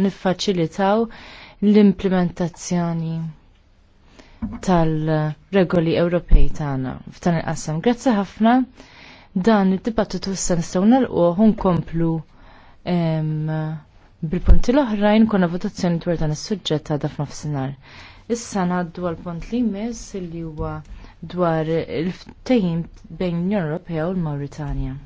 niffaċilitaw l-implementazzjoni tal-regoli Ewropej tagħna f'dan il-qasam. Grazzi ħafna dan id-dibattitu issa nistgħu nagħlquh nkomplu bil-punti l-oħrajn konna votazzjoni dwar dan is-suġġett ta' dafna f'sinar. Issa ngħaddu għall punt li jmiss li huwa dwar il-ftehim bejn l-Unjoni Ewropea u l-Mawritanja.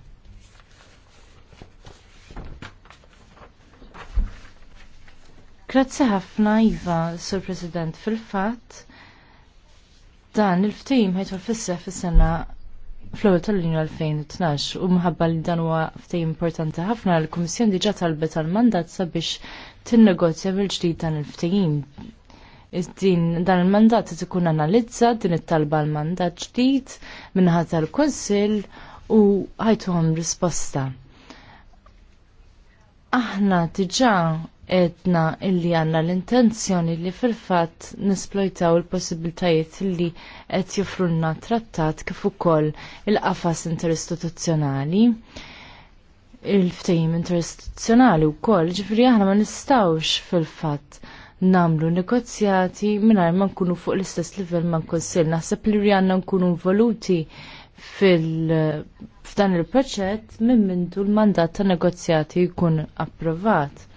Grazzi ħafna Iva, Sur President, fil-fatt dan il-ftim ħajtu fissa fis-sena fl-ewwel tal-linju 2012 u mħabba li dan huwa ftehim importanti ħafna l-Kummissjoni diġà talbet għall-mandat sabiex tinnegozja bil-ġdid dan il-ftehim. Din dan il-mandat qed ikun analizza din it-talba l-mandat ġdid minħa tal-Kunsill u ħajtuhom risposta. Aħna diġà edna illi għanna l-intenzjoni li fil-fat nisplojtaw il-possibiltajiet li qed jofrunna trattat kif ukoll il-qafas interistituzzjonali il-ftehim interistituzzjonali wkoll ġifri aħna ma nistawx fil-fatt namlu negozjati mingħajr ma nkunu fuq l-istess livell ma nkunsil naħseb li rjanna nkunu involuti fil f'dan il-proċett minn mintu l-mandat ta' negozjati jkun approvat.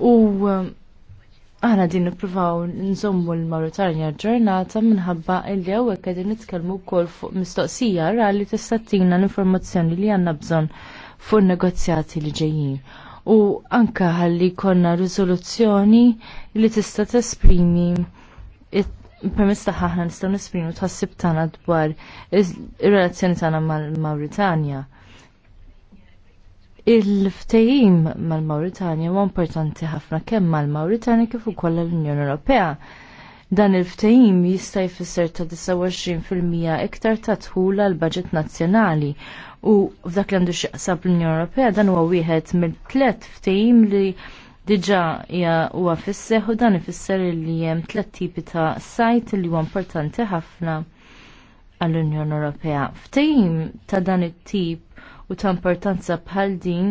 U um, aħna din nippruvaw nżommu l-Mauritania ġurnata minħabba illi hawnhekk għedin nitkellmu wkoll fuq mistoqsija ra li tista' l-informazzjoni li għandna bżonn fuq negozjati li ġejjin. U anka ħalli konna riżoluzzjoni li tista' tesprimi permess taħħa ħna nistgħu nesprimu tħassib tagħna dwar ir-relazzjoni tagħna mal-Mawritanja. Il-ftejim mal-Mauritania huwa importanti ħafna kemm mal-Mauritania kif ukoll l-Unjoni Ewropea. Dan il-ftejim jista' jfisser ta' 29% iktar ta' tħula l-budget nazzjonali u f'dak li għandu xaqsab l-Unjoni Ewropea dan huwa wieħed mill-tlet ftejim li diġa' hija huwa fisseħ u dan ifisser li hemm tliet tipi ta' sajt li huwa importanti ħafna għall-Unjoni Ewropea. Ftejim ta' dan it-tip u ta' importanza bħal din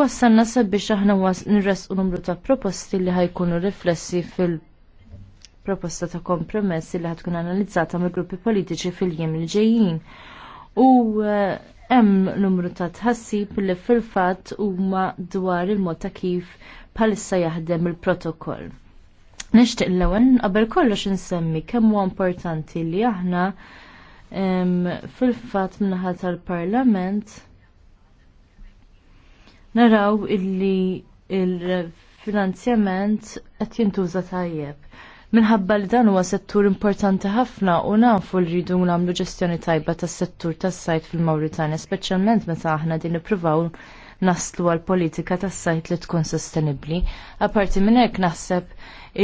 wassalna sabiex aħna nirresqu numru ta' proposti li ħajkunu riflessi fil- proposta ta' kompromess li ħatkun analizzata mill gruppi politiċi fil-jiem li ġejjin. U eh, hemm numru ta' tħassib li fil-fatt huma dwar il-mod ta' kif bħalissa jaħdem il-protokoll. Nixtieq l-ewwel qabel kollox insemmi kemm huwa importanti li aħna fil-fatt minnaħa tal-Parlament naraw illi il-finanzjament qed jintuża tajjeb. Minħabba li dan huwa settur importanti ħafna u nafu li rridu nagħmlu ġestjoni tajba tas-settur tas-sajt fil-Mawritania, speċjalment meta aħna din nippruvaw naslu għal politika tas-sajt li tkun sostenibbli. Aparti minn hekk naħseb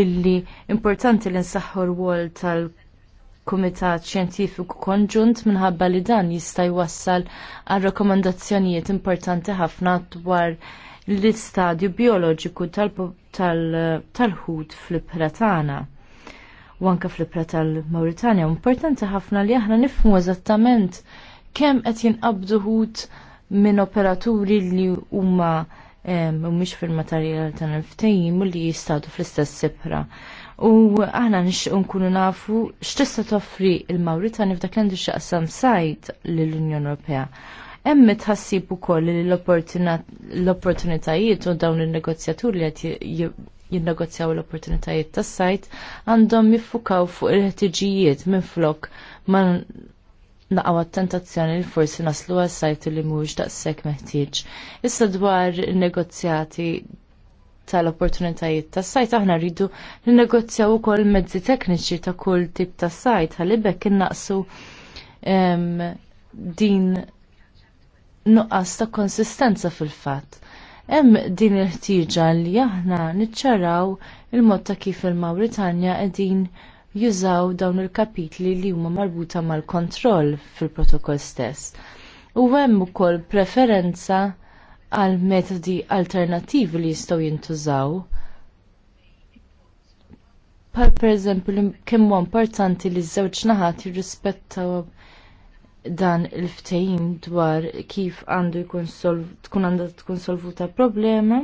illi importanti li nsaħħu l-wol tal- kumitat Ċjentifiku konġunt minħabba li dan jista' jwassal għal rakkomandazzjonijiet importanti ħafna dwar l-istadju bioloġiku tal-ħut fl-ibħra tagħna u anke fl ipra tal-Mauritania. Importanti ħafna li aħna nifhmu eżattament kemm qed jinqabdu ħut minn operaturi li huma mhumiex fil-materjal tal-ftehim u li jistadu fl-istess sipra u aħna nix nkunu nafu x'tista' toffri l mawrita f'dak li għandu x'aqsam sajt lill-Unjoni Ewropea. Hemm tħassib ukoll li l-opportunitajiet u dawn in-negozjaturi li qed jinnegozjaw l-opportunitajiet tas-sajt għandhom jiffukaw fuq il-ħtiġijiet minflok ma naqaw tentazzjoni li forsi naslu għas-sajt li mhuwiex daqshekk meħtieġ. Issa dwar negozjati tal-opportunitajiet tas sajt aħna rridu ninnegozzjaw ukoll mezzi tekniċi ta' kull tip ta' sajt ħalibek innaqsu din nuqqas ta' konsistenza fil-fatt. Hemm din il-ħtieġa li aħna niċċaraw il-mod ta' kif il-Mawritanja qegħdin jużaw dawn il-kapitli li huma marbuta mal-kontroll fil-protokoll stess. U hemm ukoll preferenza għal metodi alternativi li jistgħu jintużaw. Par per eżempju, kemm huwa importanti li ż-żewġ naħat jirrispettaw dan il-ftehim dwar kif għandu jkun tkun għandha tkun solvuta problema.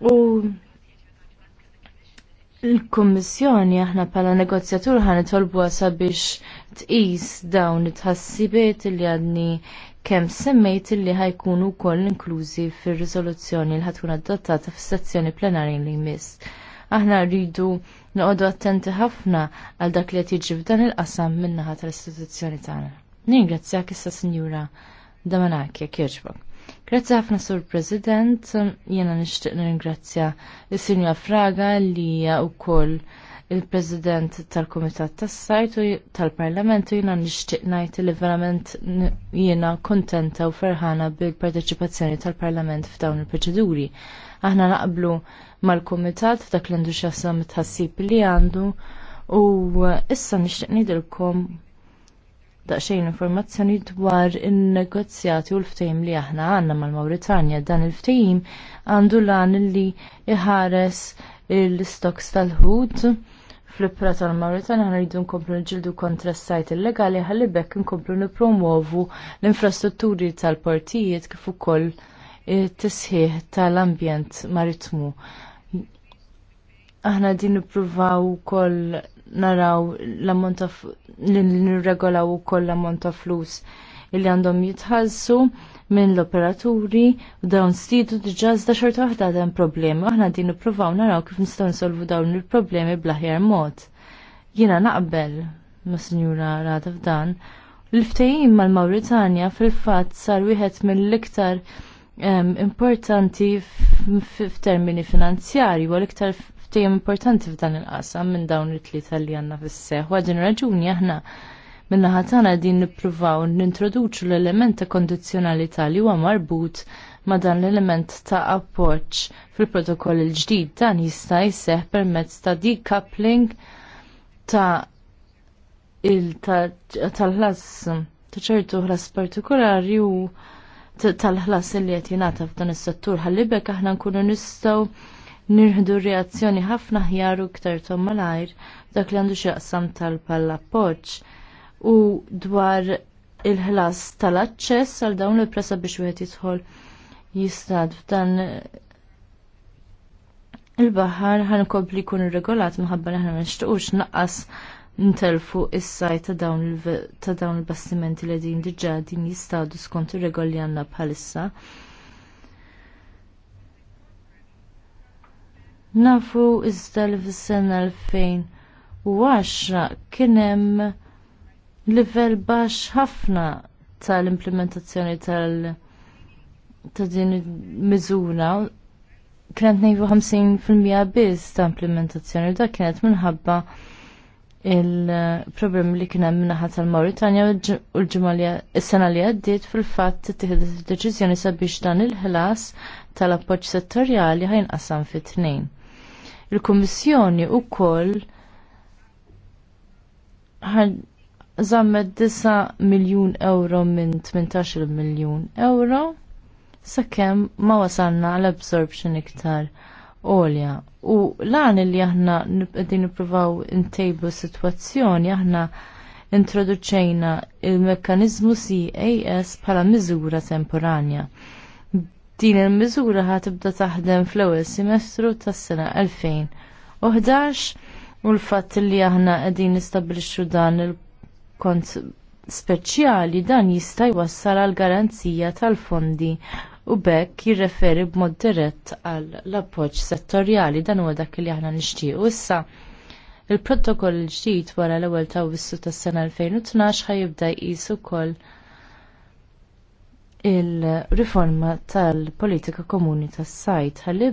U l-Kommissjoni aħna bħala negozjatur ħanitolbu għasabiex sabiex tqis dawn it-ħassibiet li għadni kemm semmejt illi ħajkunu wkoll inklużi fir-riżoluzzjoni li ħatkun adottata fis-sezzjoni plenarja li jmiss. Aħna rridu noqogħdu attenti ħafna għal dak li qed jiġi f'dan il-qasam min-naħa tal-istituzzjoni tagħna. Ningrazzjak issa Sinjura Damanaki kieġbok. Grazzi ħafna Sur President, jena nixtieq ningrazzja is-Sinjura Fraga li hija wkoll il-President tal-Kumitat tas-Sajt u tal-Parlament u jiena nixtieq ngħid li verament jiena kuntenta u ferħana bil-parteċipazzjoni tal-Parlament f'dawn il-proċeduri. Aħna naqblu mal-Kumitat f'dak l-għandu x'jassam tħassib li għandu u issa nixtieq ngħidilkom daqsxejn informazzjoni dwar in-negozjati u l-ftehim li aħna għandna mal-Mawritanja dan il-ftehim għandu lan li iħares il-stoks tal-ħut fl-ippra tal-Mauritania rridu nkomplu nġildu kontra s-sajt illegali ħalli bekk nkomplu nipromuovu l-infrastrutturi tal partijiet kif ukoll it-tisħiħ tal-ambjent maritmu. Aħna din nippruvaw ukoll naraw l-ammont ta' nirregolaw ukoll l-ammont ta' flus illi għandhom jitħallsu minn l-operaturi u dawn stidu diġazda xorta waħda għadhem problemi. Aħna din nippruvaw naraw kif nistgħu nsolvu dawn il-problemi bl-aħjar mod. Jiena naqbel ma' Sinjura Rada f'dan. l ftejim mal mauritania fil-fatt sar wieħed mill-iktar importanti f'termini finanzjari u l-iktar ftejim importanti f'dan il-qasam minn dawn it-tlieta li għandna fis-seħħ. Għadin raġuni aħna Minna tagħna din nippruvaw nintroduċu l-element ta' kondizzjonalità li huwa marbut ma' dan l-element ta' appoġġ fil-protokoll il-ġdid dan jista' jseħħ permezz ta' decoupling ta' il tal-ħlas ta' ċertu ħlas partikolari u tal-ħlas li qed jingħata f'dan is-settur ħallibek aħna nkunu nistgħu nirħdu reazzjoni ħafna ħjar u ktar tom malajr dak li għandu xaqsam tal-palla appoġġ u dwar il-ħlas tal-aċċess għal dawn il-presa biex wieħed jidħol jistad f'dan il-baħar ħankompli jkun irregolat minħabba li aħna ma nixtiequx naqqas ntelfu is saj ta' dawn il-bastimenti li din diġà din jistadu skont ir-regoli għandna bħalissa. Nafu iżda li fis-sena 2010 kien hemm livell baxx ħafna tal-implementazzjoni tal- ta' din miżura kienet nejvu 50% biss ta' implementazzjoni da kienet minħabba il-problem li kien hemm minnaħa tal-Mauritania u l-ġimgħa s sena li għaddiet fil-fatt tittieħed deċiżjoni sabiex dan il-ħlas tal-appoġġ settorjali ħajnqasam fit tnejn. Il-Kummissjoni wkoll zammet 9 miljun euro minn 18 miljun euro sakemm ma wasalna għal absorption iktar olja. U lan li aħna qegħdin nippruvaw intejbu sitwazzjoni aħna introduċejna il-mekkanizmu CAS bħala miżura temporanja. Din il-miżura ħat taħdem fl-ewwel semestru tas-sena 2011 u l-fatt li aħna qegħdin nistabbilixxu dan il- kont speċjali dan jista' jwassal għal garanzija tal-fondi u bekk jirreferi b'mod dirett għall appoġġ settorjali dan huwa dak li aħna nixtiequ issa. Il-protokoll ġdid wara l-ewwel ta' wissu tas-sena 2012 ħajibda jqis ukoll il-riforma tal-politika komuni tas-sajt ħalli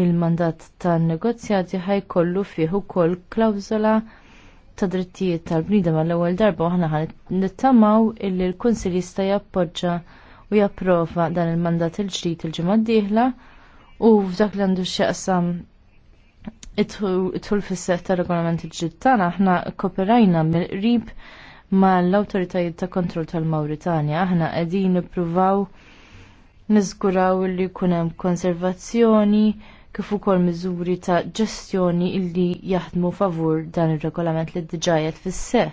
il-mandat tan-negozjati ħajkollu fih ukoll klawżola ta' drittijiet tal-bnidem għall-ewwel darba aħna ħan nittamaw illi l-Kunsil jista' jappoġġa u japprova dan il-mandat il-ġdid il-ġimgħa d-dieħla u f'dak li għandu x'jaqsam idħul fis-seħħ tar-regolament il-ġdid tagħna aħna kkoperajna mill-qrib mal-awtoritajiet ta' kontroll tal-Mawritanja. Aħna qegħdin nippruvaw niżguraw li jkun hemm konservazzjoni kif ukoll miżuri ta' ġestjoni illi jaħdmu favur dan ir-regolament li diġajet fis-seħ.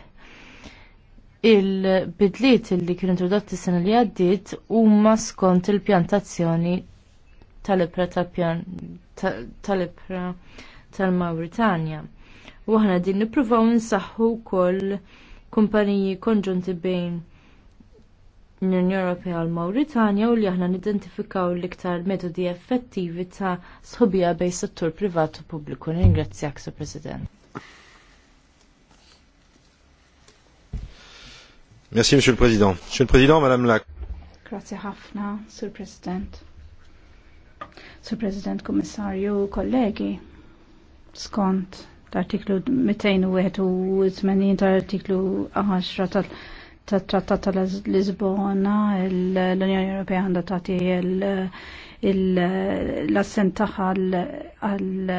Il-bidliet illi kienu introdotti sena li għaddiet huma skont il-pjantazzjoni tal ipra tal tal mawritanja U aħna din nippruvaw nsaħħu wkoll kumpaniji konġunti bejn l-Unjoni Ewropea u l-Mawritanja u li aħna nidentifikaw l-iktar metodi effettivi ta' sħobija bej settur privat u pubbliku. Ringrazzjak, Sir President. Merci, Monsieur le Président. Monsieur le Président, Madame la... Grazie ħafna, Sir President. Sir President, Kommissarju, kollegi, skont l-artiklu 281 tal-artiklu 10 tal tat-Trattat tal-Lisbona l-Unjoni Ewropea għandha tagħti l-assent tagħha għal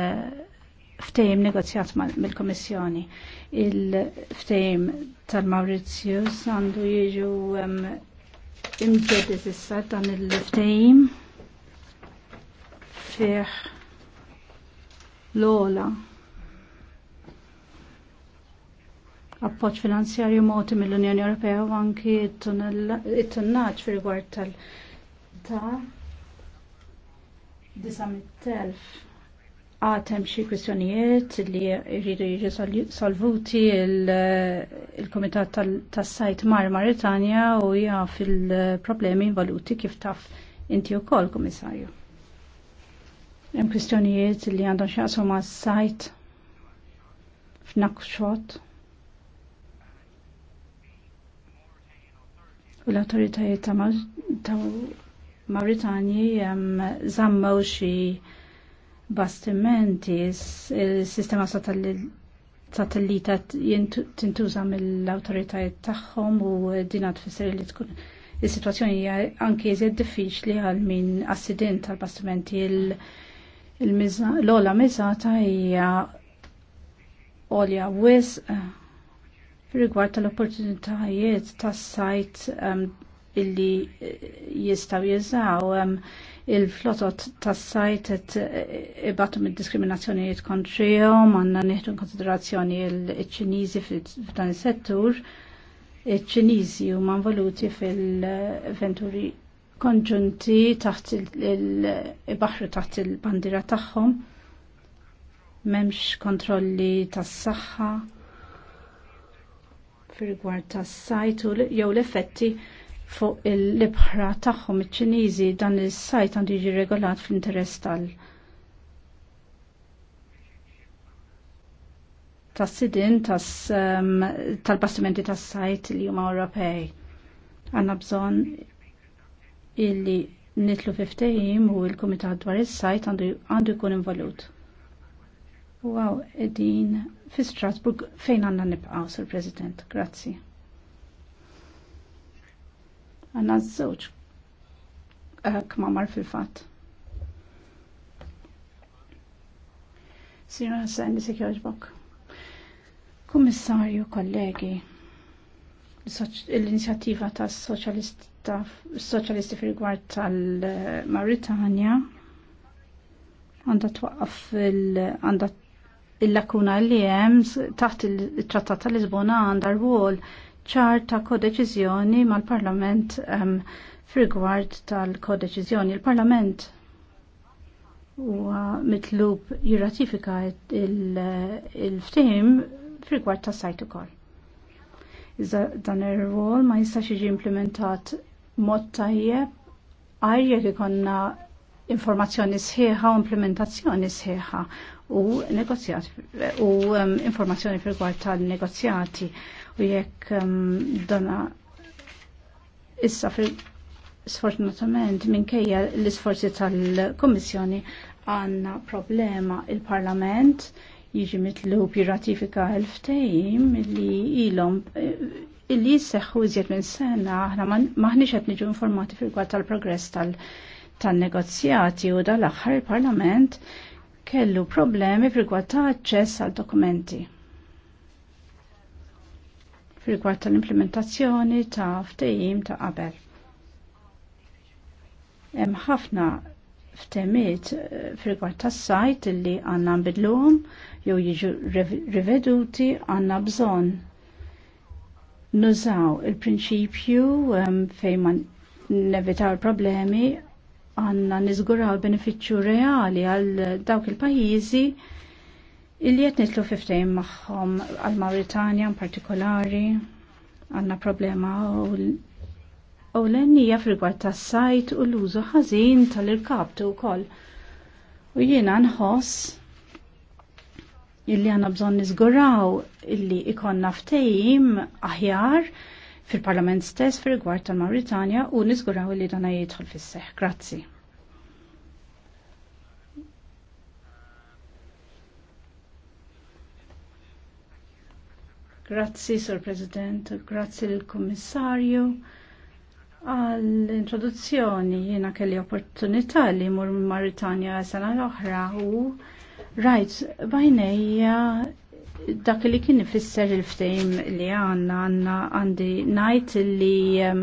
ftehim negozjat mill-Kommissjoni. Il-ftehim tal-Mauritius għandu jiġu imġedis issa dan il-ftehim fih l-ola appoġġ finanzjarju moti mill-Unjoni Ewropea u anki it-tunnaġġ fi rigward tal ta' 900,000 għatem xie kwestjonijiet li jridu jiġi solvuti il-Komitat tas-Sajt Mar Maritania u jaf il-problemi involuti kif taf inti u kol, komissarju. Hemm kwistjonijiet li għandhom xaqsu ma' sajt f'nakxot u l-autoritajiet ta' Mauritani zammaw xi bastimenti il-sistema satellita tintuża mill-autoritajiet tagħhom u dinat tfisser li tkun il-situazzjoni hija anke jżid diffiċli għal min assident tal-bastimenti l-ola miżata hija olja wisq eh, Rigward tal-opportunitajiet tas-sajt um, ehm, illi eh, jistaw jizaw um, ehm, il-flotot tas-sajt eh, ibatu mid diskriminazzjonijiet kontrihom għandna nieħdu konsiderazzjoni il-Ċiniżi f'dan is-settur. Iċ-Ċiniżi huma involuti fil-venturi konġunti taħt il-baħru taħt il-bandira tagħhom. Memx kontrolli tas-saħħa rigward tas-sajt jew l-effetti fuq il-libħra tagħhom iċ-Ċiniżi dan is-sajt għandu jiġi regolat fl-interess tal- tas-sidin ehm, tal-bastimenti tas-sajt li huma Ewropej. Għandna bżonn illi nitlu fiftehim u l-Kumitat dwar is-sajt għandu jkun involut. Wow, edin fi Strasburg fejn għanna nibqaw, Sir President. Grazzi. Għanna z-żewġ eh, kmamar fil-fat. Sir Hassan, sekjoġbok. Kommissarju kollegi, l-inizjattiva ta' soċjalisti fil-gwart tal-Maritania għandha twaqqaf għanda il-lakuna li hemm taħt il-Trattat ta' Lisbona għandha rwol ċar ta' kodeċiżjoni mal-Parlament um, f'rigward tal-kodeċiżjoni. Il-Parlament huwa mitlub jirratifika il-ftehim f'rigward tas sajt ukoll. Iżda dan ir-rwol ma jistax jiġi implementat mod tajjeb għajr jekk ikonna informazzjoni sħiħa u implementazzjoni sħiħa u negozjat u um, informazzjoni fil rigward tal-negozjati u jekk um, issa fil sfortunatament minkejja l-isforzi tal-Kommissjoni għanna problema il-Parlament jiġi mitlub jirratifika il ftejim li ilom eh, illi jisseħħu iżjed minn sena aħna m'aħniex qed niġu informati fil-gwad tal-progress tal-negozjati u dal-aħħar il-Parlament kellu problemi fil ta' aċċess għal dokumenti. Fil-gwad tal-implementazzjoni ta' ftejim ta' qabel. Hemm ħafna ftemiet eh, fil-gwad tas sajt illi għanna nbidluhom jew jiġu riveduti għanna bżonn nużaw il-prinċipju ehm, fejn ma nevitaw il-problemi għanna nizguraw beneficju reali għal dawk il-pajizi illi jett nitlu fiftejn maħħom għal Mauritania in partikolari għanna problema u l-ennija fil-gwad tas sajt u l-użu ħażin tal-irkabtu u koll. U jiena nħoss illi għanna bżon nizguraw illi ikonna ftejim aħjar fil-Parlament stess fil rigward tal-Mauritania u niżguraw li dana jidħol fis-seħ. Grazzi. Grazzi, Sur President, grazzi l-Kommissarju għall-introduzzjoni jiena kelli opportunità li mur Maritania sena l-oħra u rajt bajnejja dak li kien ifisser il-ftejm li għanna għanna għandi najt li ehm,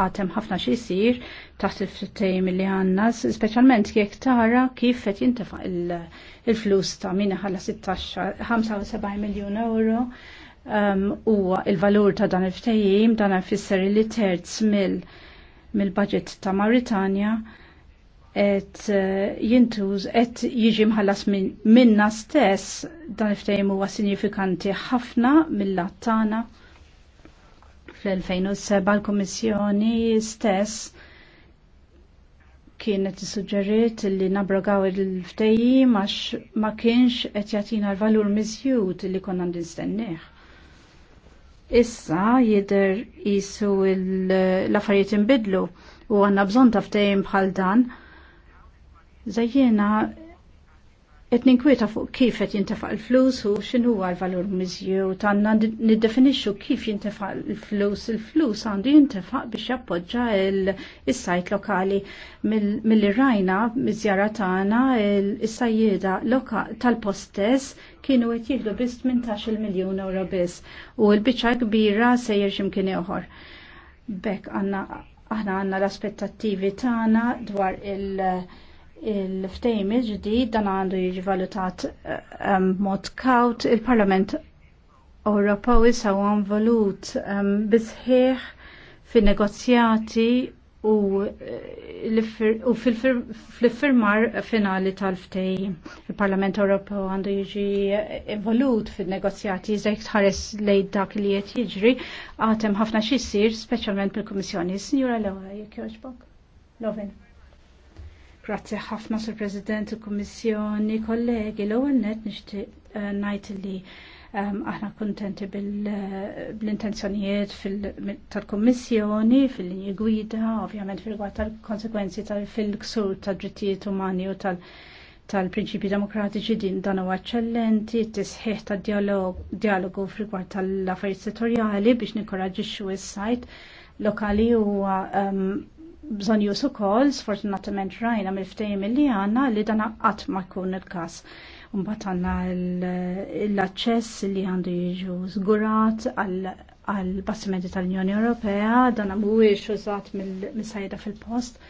għatem ħafna sir taħt il-ftejm li għanna, specialment kiek tara kif qed jintefa il-flus ta' minna ħalla 75 miljon euro ehm, u il-valur ta' dan il-ftejm dan ifisser li terz mill-budget ta' Mauritania et eh, jintuż et jiġi mħallas minna stess dan iftejmu huwa sinifikanti ħafna mill-lat tagħna fl-2007 l-Komissjoni stess kienet suġġeriet li nabrogaw il ftejim għax ma kienx qed jagħtina l-valur miżjud li konna nistennieh. Issa jidher isu l-affarijiet inbidlu u għandna bżonn ta' ftehim bħal dan Zajjena Et ninkwieta fuq kif qed jintefaq il-flus u x'inhu huwa l-valur miżju tanna niddefinixxu kif jintefaq il-flus. Il-flus għandu jintefaq biex jappoġġa il-sajt lokali mill rajna miż-żjara tagħna is-sajjieda tal postess kienu qed jieħdu biss 18 miljun euro biss u l-biċċa kbira sejjer x'imkien ieħor. Bekk għandna aħna għandna l-aspettattivi tagħna dwar il- il-ftejm il-ġdid dan għandu jiġi valutat um, mod kaut il-Parlament Ewropew issa huwa involut um, bisħieħ fin-negozjati u, eh, u fil-firmar finali tal-ftej. Il-Parlament Ewropew għandu jiġi eh, valut fin-negozjati iżek tħares lejn dak li qed jiġri għatem ħafna xi jsir speċjalment komissjoni kummissjoni Sinjura Lewa, jekk jogħġbok. Lovin. Grazzi ħafna sur President u Kommissjoni, kollegi, l ewwel net nixtieq eh, najt li ehm, aħna kontenti bil intenzjonijiet tal-Kommissjoni fil-linji gwida, ovvjament fil-gwad tal-konsekwenzi fil-ksur tal-drittijiet umani u tal-prinċipi demokratiċi din dan huwa eċċellenti, tisħiħ tad-dialogu fil tal-affarijiet settorjali biex nikkoraġixxu is-sajt lokali huwa ehm, bżon jusu kol, sfortunatament rajna mill-ftejim li għanna li dana qatt ma jkun il-kas. Umbat għanna l-access li għandu jiġu zgurat għal passimenti tal-Unjoni Ewropea, dana mhuwiex użat mil sajda fil-post.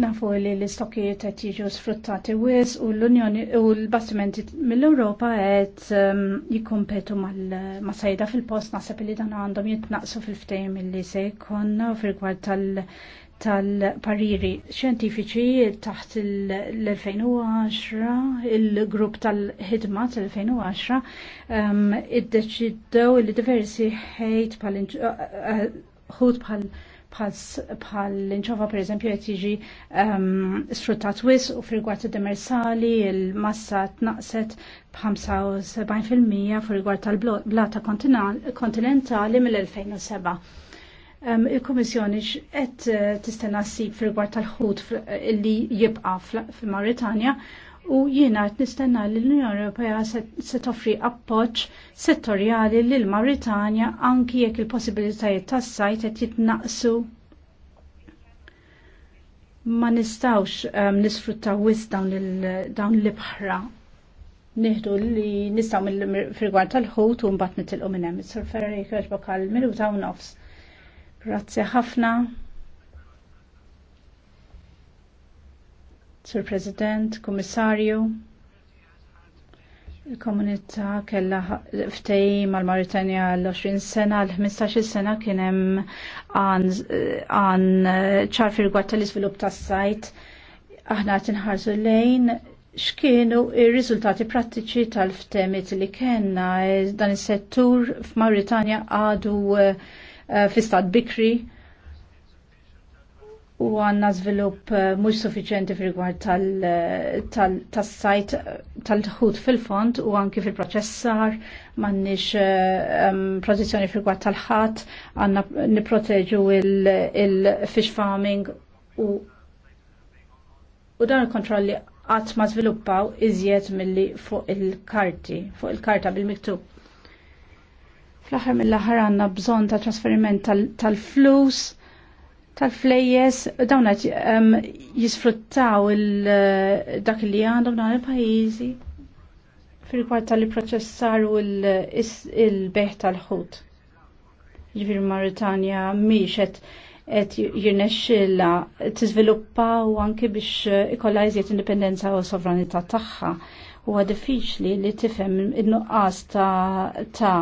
Nafu li l-istokijiet qed jiġu sfruttati wis u l-Unjoni u l-bastimenti mill-Ewropa qed ehm, jikkompetu ma' sajda fil-post naħseb li dan għandhom jitnaqsu fil-ftehim milli se jkollna u fil-gwar tal-pariri xjentifiċi taħt l-2010 il-grupp tal-ħidma tal-2010 ehm, iddeċidew li diversi ħejt bħal eh, eh, ħut bħal bħal l-inċova per eżempju qed jiġi um, sfruttat wis u fil id-demersali il-massa tnaqset b'75% fil-rigward tal-blata kontinentali mill-2007. Um, ehm, Il-Komissjoni qed eh, tistenna ssib fil tal-ħut li jibqa' fil-Mauritania u jiena qed nistenna li l-Unjoni Ewropea se toffri appoġġ settorjali lil Mauritania anki jekk il-possibilitajiet tas-sajt qed jitnaqsu ma nistawx um, ehm, nisfruttaw wis dawn l-ibħra. Nieħdu li nistgħu mill-frigwar tal-ħut u mbagħad nitilqu minn hemm. Is-Sur Ferri jkieġbok għal minuta u nofs. Grazzi ħafna. Sur President, Komissarju, il-komunità kella ftej mal-Maritania l-20 sena, l-15 sena kienem għan ċar fil-gwad tal-izvilup tas-sajt. Aħna tinħarsu lejn xkienu il-rizultati prattiċi tal-ftemit li kena e, dan is-settur f'Mauritania għadu uh, e, fi stat bikri u għanna zvilup eh, mux suffiċenti fil-gwar tal-sajt eh, eh, tal-ħut fil-font u anki fil-proċessar mannix protezzjoni fil-gwar tal-ħat għanna niproteġu il-fish farming u u dan il-kontrolli għat ma zviluppaw iżjed mill-li fuq il-karti, fuq il-karta bil-miktub fl-aħħar mill-aħħar għanna bżon ta' trasferiment tal-flus tal-flejjes dawn qed jisfruttaw dak li għandhom dawn il-pajjiżi fil-kwart tal-proċessar u l-beħ tal-ħut. Ġifir Maritania miex qed jirnexxilla tiżviluppa u anke biex ikolla iżjed indipendenza u sovranità tagħha. Huwa diffiċli li tifhem in-nuqqas ta'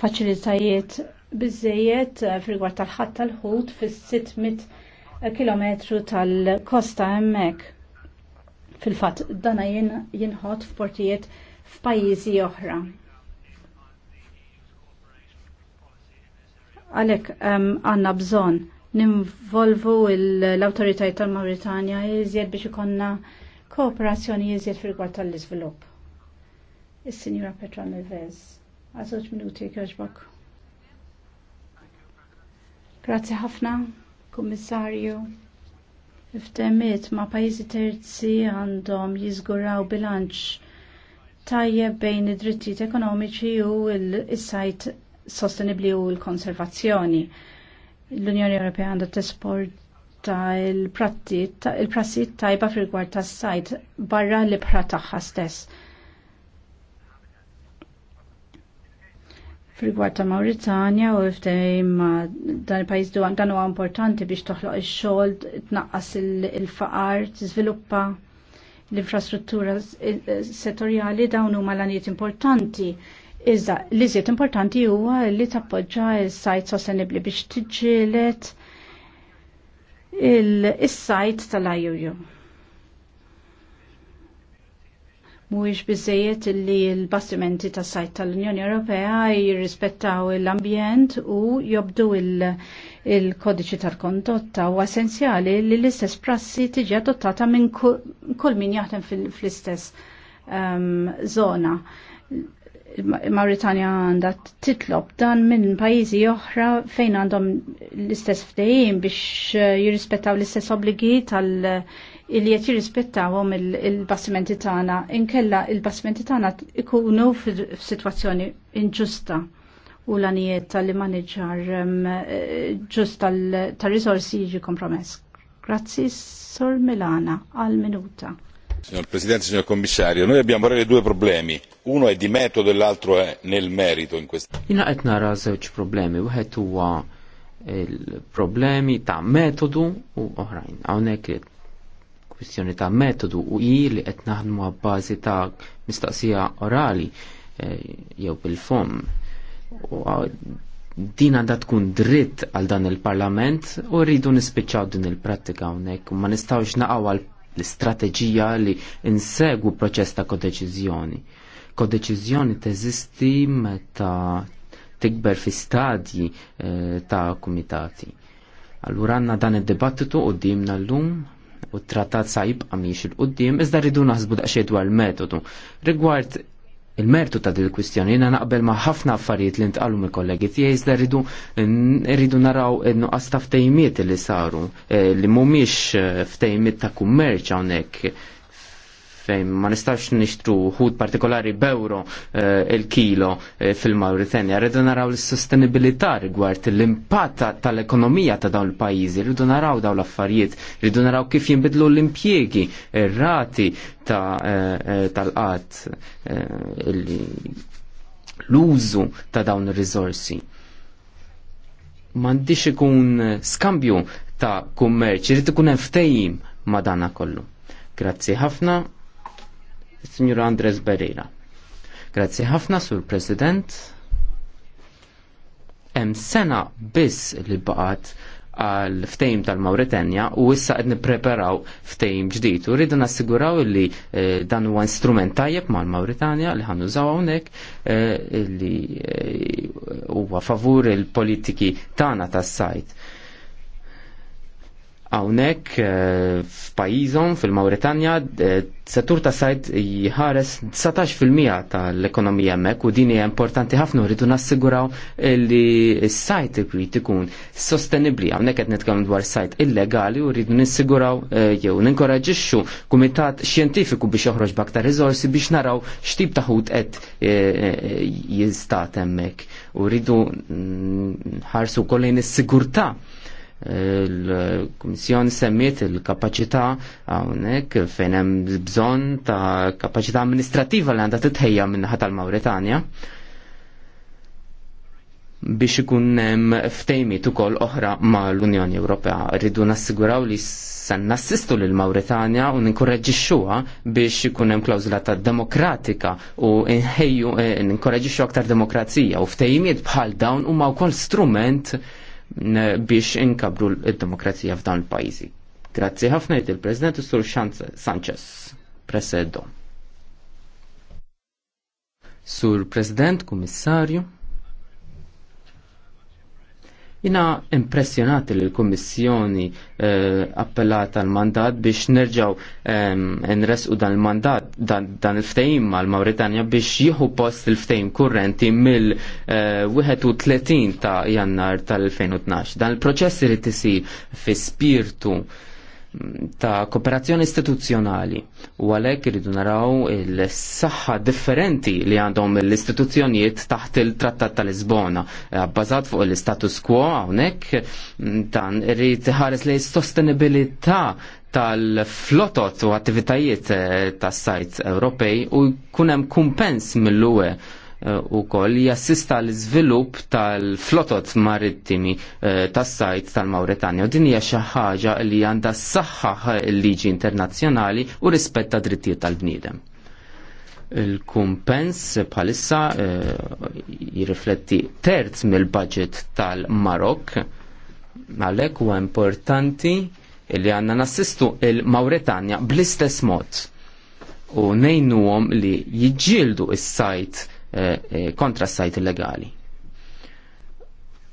faċilitajiet bizzejiet eh, fil-gwar tal-ħat tal-ħut fis-600 eh, km tal-kosta hemmhekk. Fil-fatt dana jinħot f'portijiet f'pajjiżi oħra. Għalhekk ehm, għandna um, bżonn ninvolvu l autoritajt tal-Mauritania iżjed biex ikonna kooperazzjoni iżjed fil-gwar tal izvilup Is-Sinjura Petra Neves, għazoċ minuti kjoġbok. Grazzi ħafna, Kummissarju. Iftemiet ma' pajjiżi terzi għandhom jiżguraw bilanċ tajjeb bejn id-drittijiet ekonomiċi u l-sajt sostenibli u l-konservazzjoni. L-Unjoni Ewropea għandha tesport il-prassi tajba fil-gwar tas sajt barra l-ibħra tagħha stess. fil-gwar ta' Mauritania u ftejn ma' dan il-pajis dan huwa importanti biex toħloq ix-xogħol, tnaqqas il-faqar, tiżviluppa l-infrastruttura settorjali dawn huma l-għanijiet importanti. Iżda l-iżjed importanti huwa li tappoġġa s-sajt sostenibbli biex tiġġielet il-sajt tal-IUU. Mhuwiex biżejjed li l-bastimenti tas sajt tal-Unjoni Ewropea jirrispettaw l-ambjent u jobdu il-kodiċi tal-kondotta u essenzjali li l-istess prassi tiġi adottata minn kull min jaħdem fl-istess ehm, zona. Mauritania għandha titlob dan minn pajjiżi oħra fejn għandhom l-istess ftehim biex jirrispettaw l-istess obbligi tal illi qed jirrispettawhom il il tagħna, inkella il basmenti tagħna ikunu f'sitwazzjoni inġusta u l-anijiet tal-manager eh, ġust tal-risorsi jiġi kompromess. Grazzi, Sor Milana, għal minuta. Signor Presidente, signor Commissario, noi abbiamo parere due problemi. Uno è di metodo e l'altro è nel merito in questo. Ina qed nara żewġ problemi, wieħed huwa il-problemi ta' metodu u oħrajn. Għonek kwistjoni ta' metodu u i li qed naħdmu għabbażi ta' mistaqsija orali eh, jew bil-fom. Eh, din għandha tkun dritt għal dan il-Parlament u rridu nispiċċaw din il-prattika hawnhekk u ma nistgħux naqgħu għall l-istrateġija li insegwu proċess ta' kodeċiżjoni. Kodeċiżjoni teżisti meta tikber fi stadji eh, ta' kumitati. Allura għanna dan id-dibattitu u dimna l-lum u trattat sa jibqa' miex il qoddim iżda rridu naħsbu daqxie dwar il-metodu. Rigward il-mertu ta' dil kwistjoni jiena naqbel ma' ħafna affarijiet li ntqalu mill kollegi tiegħi iżda rridu rridu naraw nuqqas ta' ftejmiet li saru eh, li mhumiex eh, ftejmiet ta' kummerċ hawnhekk fejn ma nistax nixtru ħud partikolari b'euro eh, il-kilo eh, fil-Mauritania. Rridu naraw l-sostenibilità rigward l-impatt tal-ekonomija ta' dawn il-pajjiżi, rridu naraw dawn l-affarijiet, rridu naraw kif jinbidlu l-impjiegi, ir-rati eh, tal-qatt, l-użu ta' dawn ir-riżorsi. M'għandix ikun skambju ta' kummerċ, irid ikun hemm ftehim ma' dana kollu. Grazzi ħafna Signor Andres Berina. Grazzi ħafna sur President. Hemm sena biss li baqgħet għal ftejm tal-Mauritania u issa qed nippreparaw ftejm ġdid. U rridu nassiguraw li eh, dan huwa instrument tajjeb mal-Mauritania li ħan użaw hawnhekk eh, li eh, huwa eh, favur il-politiki tagħna tas-sajt. Hawnhekk eh, f'pajjiżhom fil mauretanja eh, settur ta' sajt jħares 19% tal-ekonomija hemmhekk u din hija importanti ħafna rridu nassiguraw li s-sajt irid ikun sostenibbli hawnhekk qed nitkellmu dwar sajt illegali u rridu nissiguraw eh, jew ninkoraġixxu kumitat xjentifiku biex joħroġ b'aktar riżorsi biex naraw x'tip ta' ħut qed jistat hemmhekk u rridu mm, ħarsu lejn is-sigurtà il-Kummissjoni semmiet il-kapacità hawnhekk fejn hemm bżonn ta' kapacità amministrativa li għandha titħejja minn ħadd tal-Mawretanja biex ikun hemm ftejmiet ukoll oħra mal-Unjoni Ewropea. Rridu nassiguraw li san nassistu l mauretania u ninkoraġixxuha biex ikun hemm klawżula ta' demokratika u nħejju eh, ninkoraġixxu aktar demokrazija u ftejmiet bħal dawn huma wkoll strument biex inkabru l-demokrazija f'dan il-pajzi. Grazzi ħafna il-President Sur Sanchez, presedo. Sur President, Kummissarju, Jina impressionati li l-Kommissjoni eh, appellata l-mandat biex nerġaw eh, nresqu dan il mandat dan, dan il-ftejim mal mauritania biex jieħu post il-ftejim kurrenti mill-31 eh, ta' jannar tal-2012. Dan il-proċess li tisir fi spirtu ta' kooperazzjoni istituzzjonali u għalhekk iridu naraw il-saħħa differenti li għandhom l-istituzzjonijiet taħt il-Trattat ta' Lisbona eh, bbażat fuq l-status quo hawnhekk mm, dan irid ħares li sostenibilità tal-flotot u attivitajiet eh, tas-sajt Ewropej u jkun hemm kumpens mill-UE Eh, u koll jassista l-izvilup tal-flotot marittimi eh, tas-sajt tal-Mauretania u din hija xi ħaġa li għandha saħħaħ il-liġi internazzjonali u rispetta drittijiet tal-bniedem. Il-kumpens bħalissa eh, jirrifletti terz mill-budget tal-Marok għalhekk huwa importanti li għandna nassistu il-Mauretania bl-istess mod u nejnuhom li jiġġieldu is-sajt Eh, eh, kontra s-sajt illegali.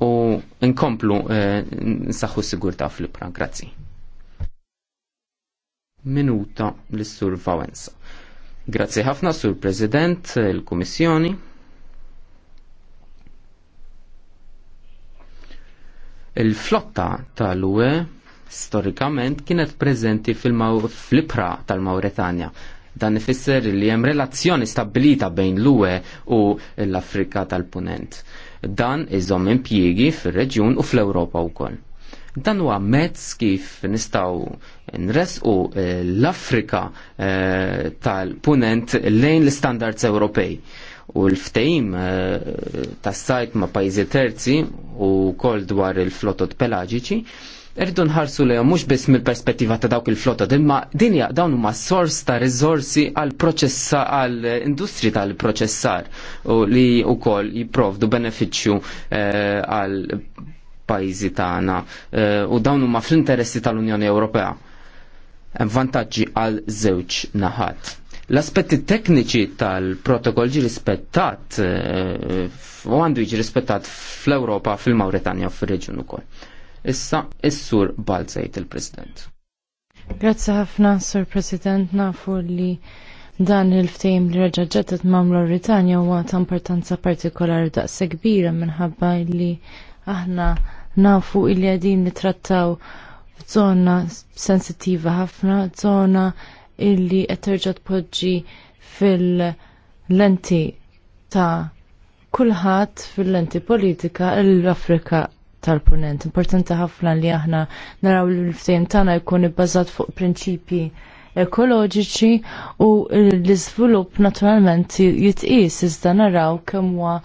U nkomplu eh, nsaħħu s-sigurta fl-ibra, grazzi. Minuta l-Sur Vawensa. Grazzi ħafna, Sur President, il-Kummissjoni. Il-flotta tal-UE storikament kienet prezenti fil-ibra tal-Mauretania Dan ifisser li hemm relazzjoni stabbilita bejn l-UE u l-Afrika tal-Punent. Dan iżomm impjiegi fir-reġjun u fl-Ewropa wkoll dan huwa mezz kif nistgħu nresqu eh, l-Afrika eh, tal-punent lejn l-standards Ewropej. U l-ftejim eh, tas sajt ma' pajjiżi terzi u kol dwar il-flotot pelagiċi Irridu nħarsu lejhom mhux biss mill-perspettiva ta' dawk il-flotta, imma dinja dawn huma sors ta' riżorsi għal proċessa għal industri tal-proċessar u li wkoll jipprovdu benefiċċju eh, għal pajjiżi tagħna eh, u dawn huma fl-interessi tal-Unjoni Ewropea. Hemm vantaġġi għal żewġ naħat. L-aspetti tekniċi tal-protokoll ġi rispettat eh, u għandu jiġi rispettat fl-Ewropa, fil-Mawretanja u fil reġjun ukoll Issa is-sur Balzajt il-President. Grazzi ħafna, Sur President, nafu li dan il-ftejm li raġaġġetet ma'mlu Ritanja huwa ta' importanza partikolari daqse kbira minħabba li aħna nafu illi għadin nitrattaw f'żona sensittiva ħafna, zona illi qed terġa' tpoġġi fil-lenti ta' kulħadd fil-lenti politika l-Afrika tal-punent. Importanti ħafna li aħna naraw li l-ftejn tagħna jkun ibbażat fuq prinċipji ekoloġiċi u l-iżvilupp naturalment jitqis iżda naraw kemm huwa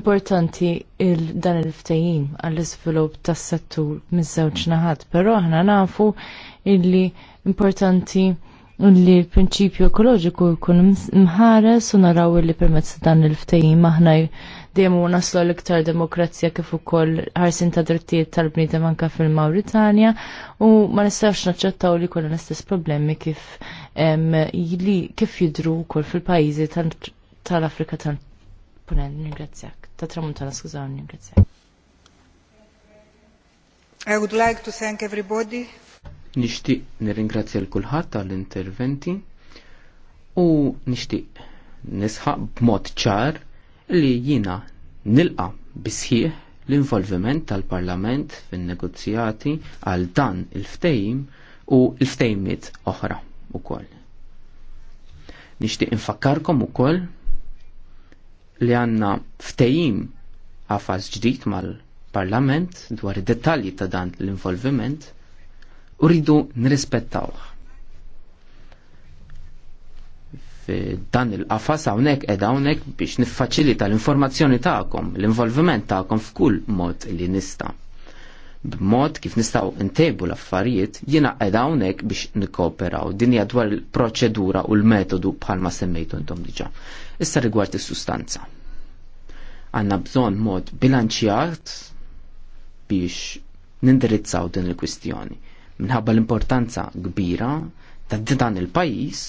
importanti il dan il-ftehim għall-iżvilupp tas-settur miż-żewġ naħat, però aħna nafu illi importanti li l-prinċipju ekoloġiku jkun mħares u naraw li permezz dan il ftejim aħna dejjem naslu l-iktar demokrazija kif ukoll ħarsin ta' drittijiet tal-bniedem anke fil mauritania u ma nistax naċċettaw li kollha l-istess problemi kif li kif jidru wkoll fil-pajjiżi tal-Afrika tal-Punent. Ningrazzjak. Ta' tramuntana skużawni, ningrazzjak. I would like to thank everybody Nixtieq nirringrazzja l kulħadd tal-interventi u nixtieq nisħaq b'mod ċar li jiena nilqa bisħieħ l-involviment tal-Parlament fin-negozjati għal dan il-ftejim u l-ftejmiet oħra ukoll. Nixtieq infakkarkom ukoll li għandna ftejim għafas ġdid mal-parlament dwar id dettalji ta' dan l-involviment Uridu nrispettawh. dan il-qafas hawnhekk qed hawnhekk biex niffaċilita l-informazzjoni tagħkom, l-involviment tagħkom f'kull mod li nista' b'mod kif nistgħu ntejbu l-affarijiet jiena qed hawnhekk biex nikkooperaw dinja dwar il-proċedura u l-metodu bħalma semmejtu intom diġà. Issa rigward is-sustanza. Għandna bżonn mod bilanċjat biex nindirizzaw din il-kwistjoni minħabba l-importanza kbira ta' dan il-pajis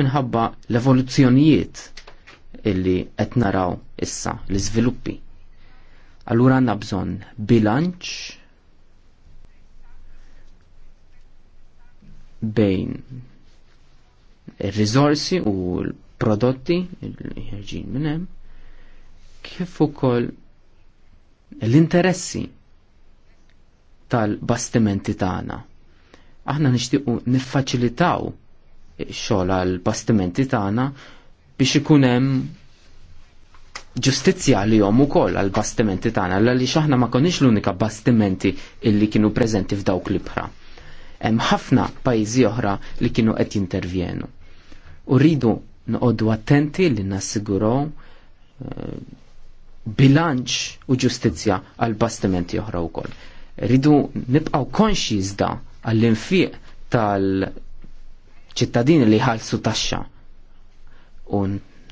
minħabba l-evoluzzjonijiet illi qed naraw issa l-iżviluppi. Allura għandna bżonn bilanċ bejn ir-riżorsi u l-prodotti li minn hemm kif ukoll l-interessi tal-bastimenti tagħna. Aħna nixtiequ niffaċilitaw xogħol għall-bastimenti tagħna biex ikun hemm ġustizzja li jom ukoll għall bastimenti tagħna għaliex aħna ma konniex l-unika bastimenti illi kienu preżenti f'dawk l-ibħra. Hemm ħafna pajjiżi oħra li kienu qed jintervjenu. U rridu noqogħdu attenti li nassiguraw eh, bilanċ u ġustizzja għall bastimenti oħra wkoll. Ridu nibqaw konxi iżda għall-infiq tal-ċittadini li ħalsu taxxa. U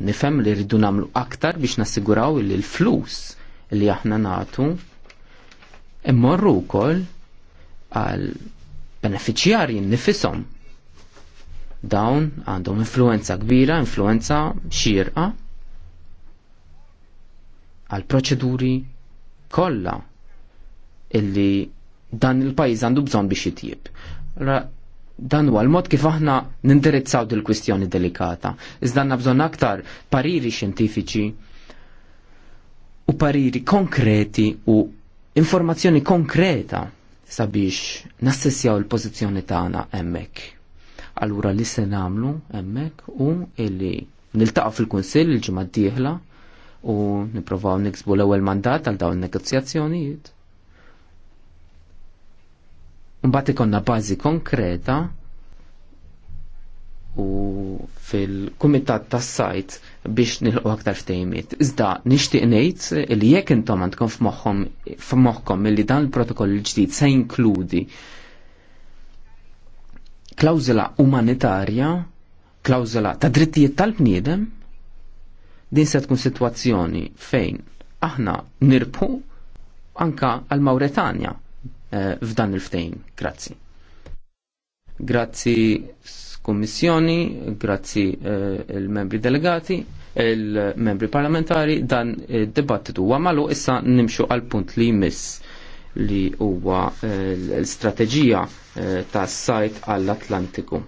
nifhem li rridu nagħmlu aktar biex nassiguraw li l-flus li aħna nagħtu immorru wkoll għal beneficjarji nifisom dawn għandhom influenza kbira, influenza xirqa għal proċeduri kollha illi dan il-pajjiż għandu bżonn biex jitjieb. Dan huwa l-mod kif aħna nindirizzaw dil kwistjoni delikata. Iżda għandna bżonn aktar pariri xjentifiċi u pariri konkreti u informazzjoni konkreta sabiex nassessjaw il-pożizzjoni tagħna hemmhekk. Allura li se nagħmlu hemmhekk u illi niltaqgħu fil-Kunsill il-ġimgħa d-dieħla u nipprovaw niksbu l-ewwel mandat għal dawn il-negozjazzjonijiet Mbagħad ikonna bażi konkreta u fil-kumitat tas-sajt biex nilqu aktar ftejmiet. Iżda nixtieq ngħid li jekk intom għandkom f'moħħkom li dan il-protokoll l ġdid se jinkludi klawzula umanitarja, klawzula ta' drittijiet tal-bniedem, din se tkun sitwazzjoni fejn aħna nirbħu anka għal Mauretania Eh, f'dan il-ftejn. Grazzi. Grazzi s-Kommissjoni, grazzi eh, il-membri delegati, il-membri parlamentari, dan eh, il-debattitu huwa malu issa nimxu għal punt li jmiss li huwa l-strateġija eh, ta' sajt għall-Atlantiku.